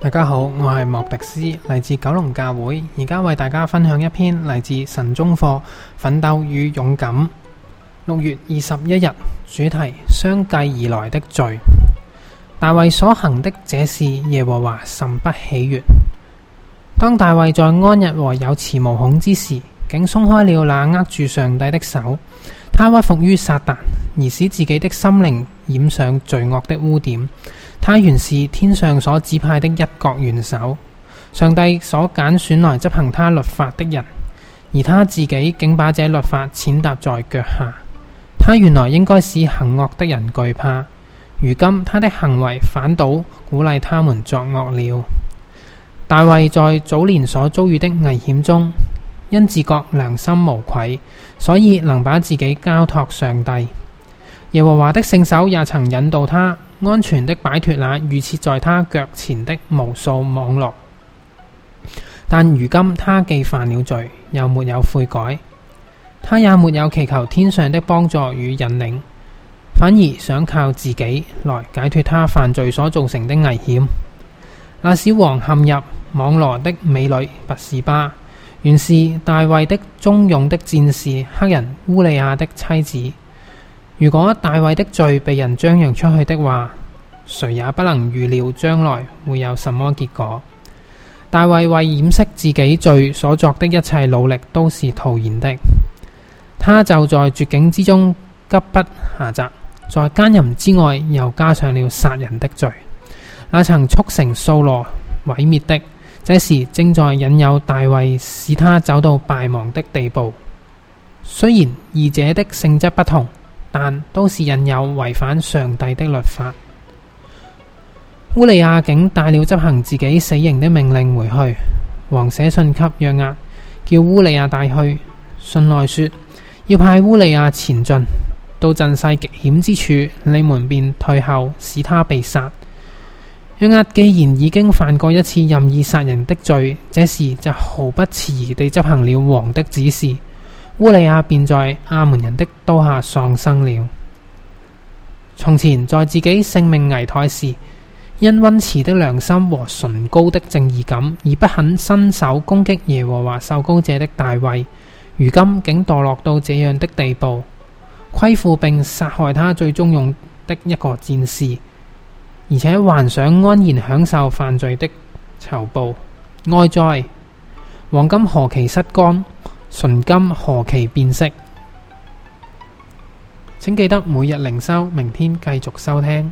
大家好，我係莫迪斯，嚟自九龍教會，而家為大家分享一篇嚟自神中課《奮鬥與勇敢》。六月二十一日，主題：相繼而來的罪。大衛所行的這事，耶和華甚不喜悦。當大衛在安日和有恃無恐之時，竟鬆開了那握住上帝的手。他屈服於撒但，而使自己的心靈染上罪惡的污點。他原是天上所指派的一國元首，上帝所揀選來執行他律法的人，而他自己竟把這律法踐踏在腳下。他原來應該使行惡的人懼怕，如今他的行為反倒鼓勵他們作惡了。大衛在早年所遭遇的危險中，因自覺良心無愧，所以能把自己交託上帝。耶和華的聖手也曾引導他安全的擺脱那預設在他腳前的無數網絡。但如今他既犯了罪，又沒有悔改，他也沒有祈求天上的幫助與引領，反而想靠自己來解脱他犯罪所造成的危險。那小王陷入。網羅的美女拔示巴，原是大衛的忠勇的戰士，黑人烏利亞的妻子。如果大衛的罪被人張揚出去的話，誰也不能預料將來會有什麼結果。大衛為掩飾自己罪所作的一切努力都是徒然的。他就在絕境之中急不暇擇，在奸淫之外又加上了殺人的罪，那曾促成掃羅毀滅的。這時正在引誘大衛，使他走到敗亡的地步。雖然二者的性質不同，但都是引誘違反上帝的律法。烏利亞竟帶了執行自己死刑的命令回去，王寫信給約押，叫烏利亞帶去。信內說：要派烏利亞前進，到陣勢極險之處，你們便退後，使他被殺。約押既然已經犯過一次任意殺人的罪，這時就毫不遲疑地執行了王的指示。烏利亞便在亞捫人的刀下喪生了。從前在自己性命危殆時，因溫慈的良心和崇高的正義感而不肯伸手攻擊耶和華受膏者的大衛，如今竟墮落到這樣的地步，虧負並殺害他最忠勇的一個戰士。而且還想安然享受犯罪的酬報。哀哉，黃金何其失光，純金何其變色。請記得每日聆收，明天繼續收聽。